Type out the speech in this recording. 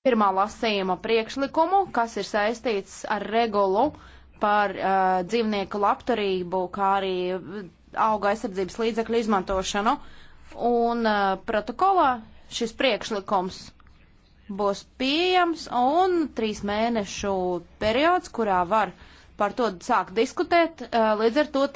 pirmā lasējuma priekšlikumu, kas ir saistīts ar regulu par uh, dzīvnieku labturību, kā arī auga aizsardzības līdzekļu izmantošanu. Un uh, protokolā šis priekšlikums būs pieejams un trīs mēnešu periods, kurā var par to sākt diskutēt. Uh, līdz ar to